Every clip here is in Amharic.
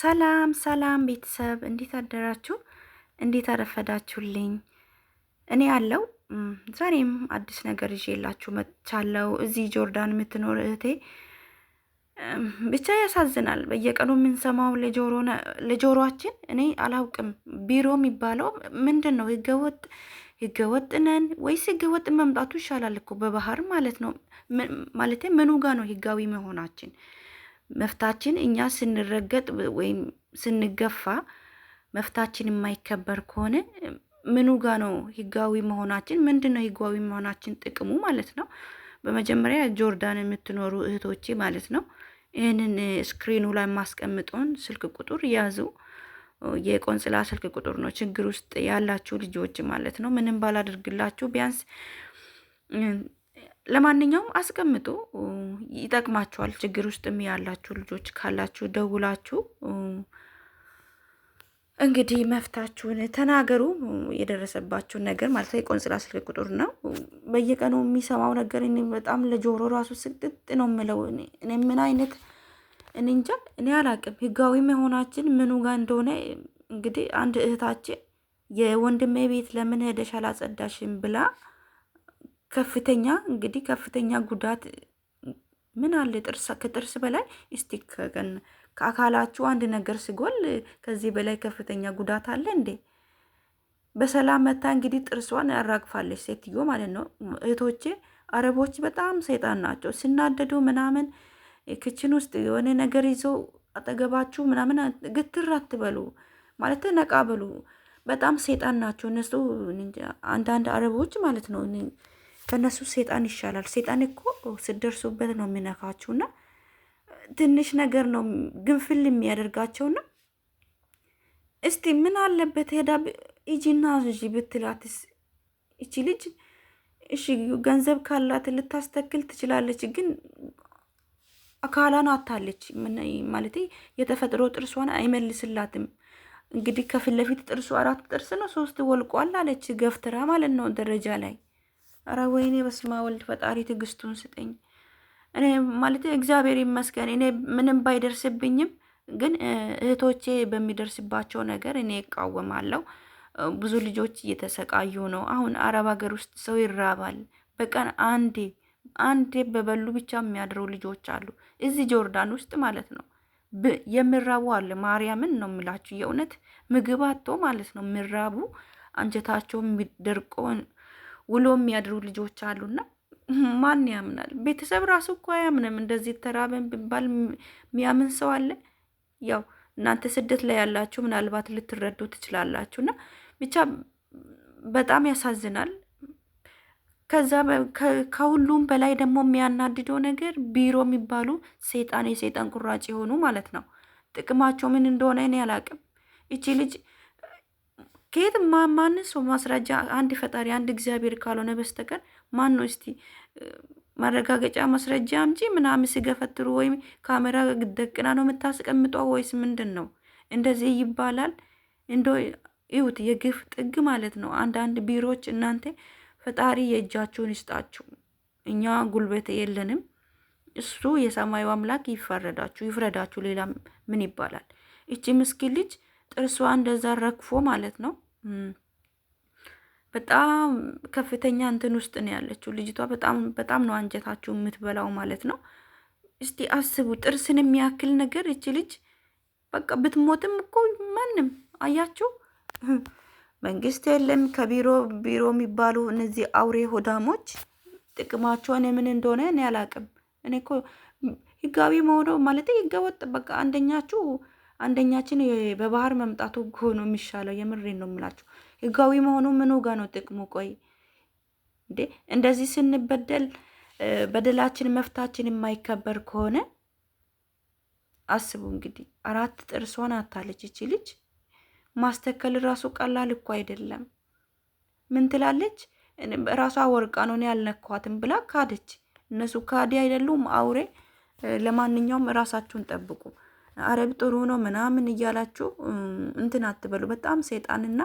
ሰላም ሰላም ቤተሰብ እንዴት አደራችሁ? እንዴት አረፈዳችሁልኝ? እኔ ያለው ዛሬም አዲስ ነገር ይዤላችሁ መጥቻለሁ። እዚህ ጆርዳን የምትኖር እህቴ ብቻ ያሳዝናል። በየቀኑ የምንሰማው ለጆሮአችን እኔ አላውቅም። ቢሮ የሚባለው ምንድን ነው? ህገወጥ ህገወጥ ነን ወይስ ህገወጥ መምጣቱ ይሻላል እኮ በባህር ማለት ነው። ማለቴ ምኑ ጋ ነው ህጋዊ መሆናችን? መፍታችን እኛ ስንረገጥ ወይም ስንገፋ መፍታችን የማይከበር ከሆነ ምኑ ጋ ነው ህጋዊ መሆናችን? ምንድን ነው ህጋዊ መሆናችን ጥቅሙ ማለት ነው። በመጀመሪያ ጆርዳን የምትኖሩ እህቶቼ ማለት ነው ይህንን ስክሪኑ ላይ የማስቀምጠውን ስልክ ቁጥር ያዙ። የቆንጽላ ስልክ ቁጥር ነው። ችግር ውስጥ ያላችሁ ልጆች ማለት ነው ምንም ባላደርግላችሁ ቢያንስ ለማንኛውም አስቀምጡ፣ ይጠቅማችኋል። ችግር ውስጥም ያላችሁ ልጆች ካላችሁ ደውላችሁ እንግዲህ መፍታችሁን ተናገሩ። የደረሰባችሁን ነገር ማለት የቆንስላ ስልክ ቁጥር ነው። በየቀኑ የሚሰማው ነገር በጣም ለጆሮ ራሱ ስቅጥጥ ነው የምለው። እኔ ምን አይነት እኔ እንጃ እኔ አላቅም። ህጋዊ መሆናችን ምኑ ጋር እንደሆነ እንግዲህ አንድ እህታችን የወንድሜ ቤት ለምን ሄደሽ አላጸዳሽም ብላ ከፍተኛ እንግዲህ ከፍተኛ ጉዳት ምን አለ ጥርስ ከጥርስ በላይ እስቲ ከአካላችሁ አንድ ነገር ሲጎል ከዚህ በላይ ከፍተኛ ጉዳት አለ እንዴ? በሰላም መታ እንግዲህ ጥርሷን ያራግፋለች ሴትዮ ማለት ነው። እህቶቼ አረቦች በጣም ሰይጣን ናቸው። ሲናደዱ ምናምን ክችን ውስጥ የሆነ ነገር ይዞ አጠገባችሁ ምናምን ግትር አትበሉ ማለት ነቃ በሉ። በጣም ሰይጣን ናቸው እነሱ አንዳንድ አረቦች ማለት ነው። ከእነሱ ሴጣን ይሻላል። ሴጣን እኮ ስደርሱበት ነው የሚነካችሁና ትንሽ ነገር ነው ግንፍል የሚያደርጋቸውና እስቲ ምን አለበት ሄዳ እጂና እጂ ብትላትስ እቺ ልጅ እሺ ገንዘብ ካላት ልታስተክል ትችላለች። ግን አካላን አታለች ማለት የተፈጥሮ ጥርሷን አይመልስላትም። እንግዲህ ከፊት ለፊት ጥርሱ አራት ጥርስ ነው፣ ሶስት ወልቋል አለች ገፍትራ ማለት ነው ደረጃ ላይ አረ ወይኔ በስመ አብ ወልድ ፈጣሪ ትዕግስቱን ስጠኝ። እኔ ማለት እግዚአብሔር ይመስገን እኔ ምንም ባይደርስብኝም ግን እህቶቼ በሚደርስባቸው ነገር እኔ እቃወማለሁ። ብዙ ልጆች እየተሰቃዩ ነው። አሁን አረብ ሀገር ውስጥ ሰው ይራባል። በቀን አንዴ አንዴ በበሉ ብቻ የሚያድረው ልጆች አሉ፣ እዚህ ጆርዳን ውስጥ ማለት ነው። የሚራቡ አለ። ማርያምን ነው የምላችሁ፣ የእውነት ምግብ አቶ ማለት ነው የሚራቡ አንጀታቸው የሚደርቀውን ውሎ የሚያድሩ ልጆች አሉና ማን ያምናል? ቤተሰብ ራሱ እኮ አያምንም። እንደዚህ ተራበን ቢባል የሚያምን ሰው አለ? ያው እናንተ ስደት ላይ ያላችሁ ምናልባት ልትረዱ ትችላላችሁ። እና ብቻ በጣም ያሳዝናል። ከዛ ከሁሉም በላይ ደግሞ የሚያናድደው ነገር ቢሮ የሚባሉ ሴጣን የሴጣን ቁራጭ የሆኑ ማለት ነው። ጥቅማቸው ምን እንደሆነ እኔ አላቅም። ይቺ ልጅ ከየት ማንን ሰው ማስረጃ አንድ ፈጣሪ አንድ እግዚአብሔር ካልሆነ በስተቀር ማን ነው እስቲ ማረጋገጫ ማስረጃ አምጪ ምናምን ሲገፈትሩ ወይም ካሜራ ደቅና ነው የምታስቀምጠው ወይስ ምንድን ነው? እንደዚህ ይባላል እንዶ ይሁት የግፍ ጥግ ማለት ነው። አንዳንድ ቢሮዎች እናንተ ፈጣሪ የእጃችሁን ይስጣችሁ። እኛ ጉልበት የለንም። እሱ የሰማዩ አምላክ ይፈረዳችሁ ይፍረዳችሁ። ሌላ ምን ይባላል? እቺ ምስኪን ልጅ ጥርሷ እንደዛ ረግፎ ማለት ነው በጣም ከፍተኛ እንትን ውስጥ ነው ያለችው ልጅቷ። በጣም በጣም ነው አንጀታችሁ የምትበላው ማለት ነው። እስቲ አስቡ፣ ጥርስን የሚያክል ነገር እቺ ልጅ በቃ ብትሞትም እኮ ማንም አያችሁ፣ መንግስት የለም ከቢሮ ቢሮ የሚባሉ እነዚህ አውሬ ሆዳሞች ጥቅማቸውን የምን እንደሆነ እኔ አላቅም። እኔ እኮ ህጋዊ መሆነው ማለት ህገወጥ በቃ አንደኛችሁ አንደኛችን በባህር መምጣቱ ሆኖ የሚሻለው የምሬን ነው የምላችሁ። ህጋዊ መሆኑ ምን ጋ ነው ጥቅሙ? ቆይ እንዴ እንደዚህ ስንበደል በደላችን መፍታችን የማይከበር ከሆነ አስቡ እንግዲህ። አራት ጥርሷን አታለች ይቺ ልጅ። ማስተከል ራሱ ቀላል እኮ አይደለም። ምን ትላለች? ራሷ ወርቃ ነው እኔ ያልነኳትም ብላ ካደች። እነሱ ካዲ አይደሉም አውሬ። ለማንኛውም ራሳችሁን ጠብቁ። አረብ ጥሩ ነው ምናምን እያላችሁ እንትን አትበሉ። በጣም ሰይጣንና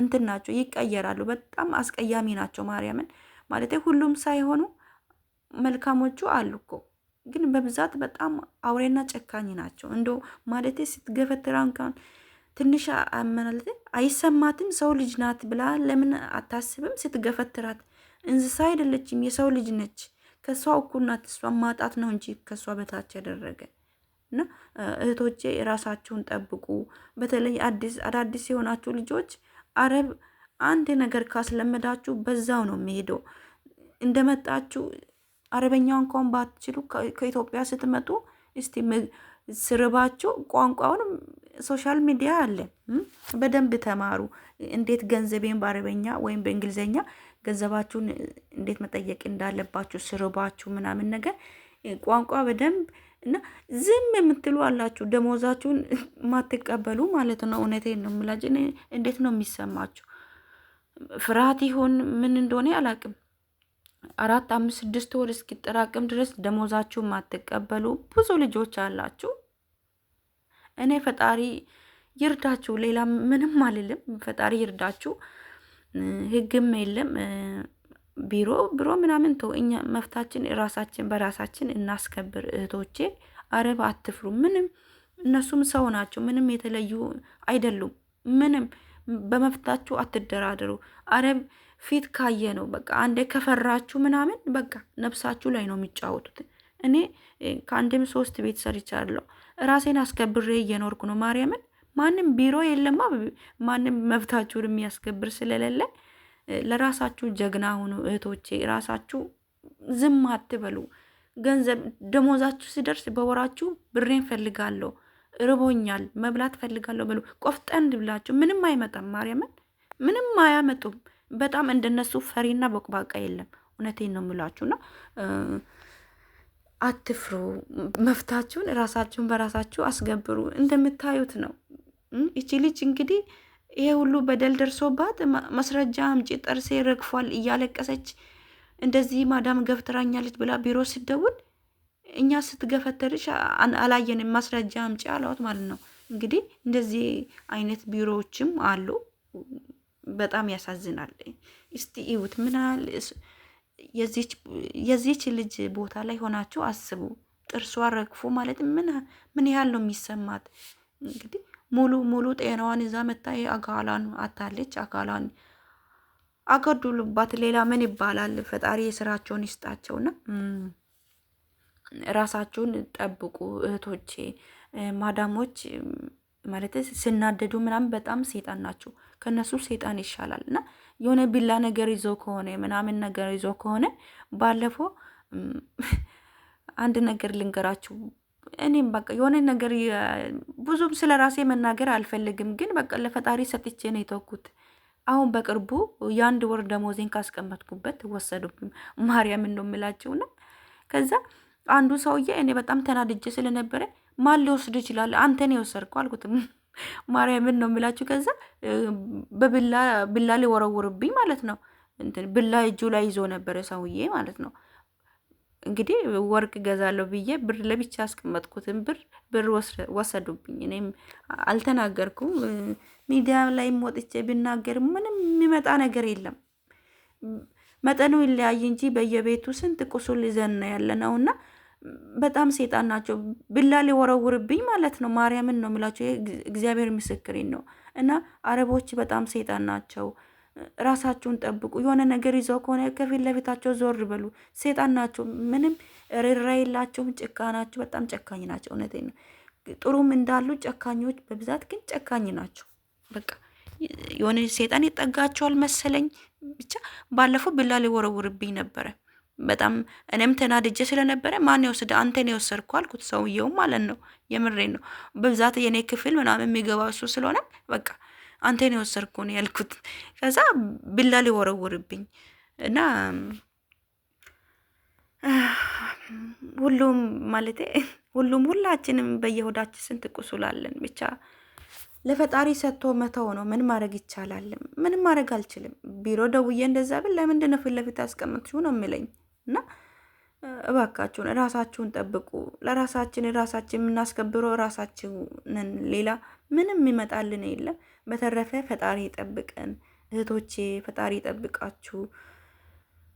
እንትን ናቸው፣ ይቀየራሉ። በጣም አስቀያሚ ናቸው። ማርያምን ማለት ሁሉም ሳይሆኑ መልካሞቹ አሉ እኮ ግን በብዛት በጣም አውሬና ጨካኝ ናቸው። እንዶ ማለት ስትገፈትራ እንኳን ትንሽ ማለት አይሰማትም። ሰው ልጅ ናት ብላ ለምን አታስብም? ስትገፈትራት እንስሳ አይደለችም፣ የሰው ልጅ ነች። ከእሷ እኩል ናት። እሷ ማጣት ነው እንጂ ከእሷ በታች ያደረገ እና እህቶቼ ራሳችሁን ጠብቁ። በተለይ አዲስ አዳዲስ የሆናችሁ ልጆች አረብ አንድ ነገር ካስለመዳችሁ በዛው ነው የሚሄደው። እንደመጣችሁ አረበኛ እንኳን ባትችሉ ከኢትዮጵያ ስትመጡ እስቲ ስርባችሁ ቋንቋውን ሶሻል ሚዲያ አለ፣ በደንብ ተማሩ። እንዴት ገንዘቤን በአረበኛ ወይም በእንግሊዝኛ ገንዘባችሁን እንዴት መጠየቅ እንዳለባችሁ ስርባችሁ ምናምን ነገር ቋንቋ በደንብ እና ዝም የምትሉ አላችሁ፣ ደሞዛችሁን ማትቀበሉ ማለት ነው። እውነቴን ነው የምላችሁ። እንዴት ነው የሚሰማችሁ? ፍርሃት ይሆን ምን እንደሆነ አላቅም። አራት አምስት ስድስት ወር እስኪጠራቅም ድረስ ደሞዛችሁን ማትቀበሉ ብዙ ልጆች አላችሁ። እኔ ፈጣሪ ይርዳችሁ፣ ሌላ ምንም አልልም። ፈጣሪ ይርዳችሁ። ህግም የለም ቢሮ ቢሮ ምናምን ተው፣ እኛ መፍታችን ራሳችን በራሳችን እናስከብር። እህቶቼ አረብ አትፍሩ። ምንም እነሱም ሰው ናቸው። ምንም የተለዩ አይደሉም። ምንም በመፍታችሁ አትደራደሩ። አረብ ፊት ካየ ነው በቃ። አንዴ ከፈራችሁ ምናምን በቃ ነፍሳችሁ ላይ ነው የሚጫወቱት። እኔ ከአንድም ሶስት ቤት ሰርቻለሁ። ራሴን አስከብሬ እየኖርኩ ነው። ማርያምን ማንም ቢሮ የለማ ማንም መብታችሁን የሚያስከብር ስለሌለ ለራሳችሁ ጀግና ሁኑ እህቶቼ። ራሳችሁ ዝም አትበሉ። ገንዘብ ደሞዛችሁ ሲደርስ በወራችሁ ብሬን ፈልጋለሁ፣ ርቦኛል፣ መብላት ፈልጋለሁ በሉ። ቆፍጠን ብላችሁ ምንም አይመጣም። ማርያምን ምንም አያመጡም። በጣም እንደነሱ ፈሪና በቁባቃ የለም። እውነቴን ነው የምላችሁና አትፍሩ። መፍታችሁን ራሳችሁን በራሳችሁ አስገብሩ። እንደምታዩት ነው። ይቺ ልጅ እንግዲህ ይሄ ሁሉ በደል ደርሶባት ማስረጃ አምጪ ጥርሴ ረግፏል እያለቀሰች እንደዚህ ማዳም ገፍትራኛለች ብላ ቢሮ ስደውል እኛ ስትገፈተርሽ አላየንም፣ ማስረጃ አምጪ አለዋት ማለት ነው። እንግዲህ እንደዚህ አይነት ቢሮዎችም አሉ። በጣም ያሳዝናል። እስቲ እዩት፣ ምናል የዚች ልጅ ቦታ ላይ ሆናችሁ አስቡ። ጥርሷ ረግፎ ማለት ምን ያህል ነው የሚሰማት እንግዲህ ሙሉ ሙሉ ጤናዋን ይዛ መታ አካሏን አታለች። አካሏን አገዱሉባት። ሌላ ምን ይባላል? ፈጣሪ የስራቸውን ይስጣቸውና ራሳችሁን ጠብቁ እህቶቼ። ማዳሞች ማለት ስናደዱ ምናምን በጣም ሴጣን ናቸው። ከነሱ ሴጣን ይሻላል እና የሆነ ቢላ ነገር ይዞ ከሆነ ምናምን ነገር ይዞ ከሆነ ባለፈው አንድ ነገር ልንገራችሁ እኔም በቃ የሆነ ነገር ብዙም ስለ ራሴ መናገር አልፈልግም፣ ግን በቃ ለፈጣሪ ሰጥቼ ነው የተውኩት። አሁን በቅርቡ የአንድ ወር ደሞዜን ካስቀመጥኩበት ወሰዱብኝ። ማርያም ነው የምላችሁና ከዛ አንዱ ሰውዬ እኔ በጣም ተናድጄ ስለነበረ ማን ሊወስድ ይችላል? አንተን የወሰድኩ አልኩትም። ማርያምን ነው የምላችሁ። ከዛ በብላ ብላ ሊወረውርብኝ ማለት ነው። እንትን ብላ እጁ ላይ ይዞ ነበረ ሰውዬ ማለት ነው። እንግዲህ ወርቅ ገዛለሁ ብዬ ብር ለብቻ አስቀመጥኩትን ብር ብር ወሰዱብኝ። እኔም አልተናገርኩም። ሚዲያ ላይም ወጥቼ ብናገር ምንም የሚመጣ ነገር የለም። መጠኑ ይለያይ እንጂ በየቤቱ ስንት ቁሱል ይዘን ያለ ነው እና በጣም ሴጣን ናቸው። ብላ ሊወረውርብኝ ማለት ነው። ማርያምን ነው የሚላቸው። እግዚአብሔር ምስክሬን ነው እና አረቦች በጣም ሴጣን ናቸው። ራሳችሁን ጠብቁ። የሆነ ነገር ይዘው ከሆነ ከፊት ለፊታቸው ዞር በሉ። ሴጣን ናቸው። ምንም ርራ የላቸውም። ጭካ ናቸው። በጣም ጨካኝ ናቸው። እውነቴ ነው። ጥሩም እንዳሉ ጨካኞች በብዛት ግን ጨካኝ ናቸው። በቃ የሆነ ሴጣን ይጠጋቸዋል መሰለኝ። ብቻ ባለፈው ብላ ሊወረውርብኝ ነበረ። በጣም እኔም ተናድጄ ስለነበረ ማን የወስደ አንተን የወሰድኩ አልኩት። ሰውየው ማለት ነው። የምሬን ነው። በብዛት የእኔ ክፍል ምናምን የሚገባ እሱ ስለሆነ በቃ አንተን የወሰድኩ ነው ያልኩት። ከዛ ቢላ ሊወረውርብኝ እና ሁሉም ማለቴ ሁሉም ሁላችንም በየሆዳችን ስንት ቁስላለን። ብቻ ለፈጣሪ ሰጥቶ መተው ነው። ምን ማድረግ ይቻላል? ምንም ማድረግ አልችልም። ቢሮ ደውዬ እንደዛ ብል ለምንድን ነው ፊት ለፊት ያስቀመጥሽው ነው የሚለኝ እና እባካችሁን እራሳችሁን ጠብቁ። ለራሳችን ራሳችን የምናስከብረው ራሳችን ነን። ሌላ ምንም ይመጣልን የለ። በተረፈ ፈጣሪ ጠብቀን እህቶቼ፣ ፈጣሪ ጠብቃችሁ።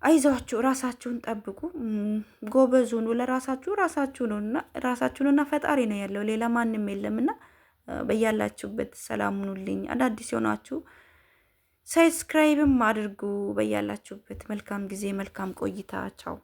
አይዟችሁ፣ ራሳችሁን ጠብቁ። ጎበዝ ሁኑ። ለራሳችሁ ራሳችሁ ነውና ራሳችሁንና ፈጣሪ ነው ያለው፣ ሌላ ማንም የለምና በያላችሁበት ሰላሙኑልኝ። አዳዲስ የሆናችሁ ሰብስክራይብም አድርጉ። በያላችሁበት መልካም ጊዜ፣ መልካም ቆይታ። ቻው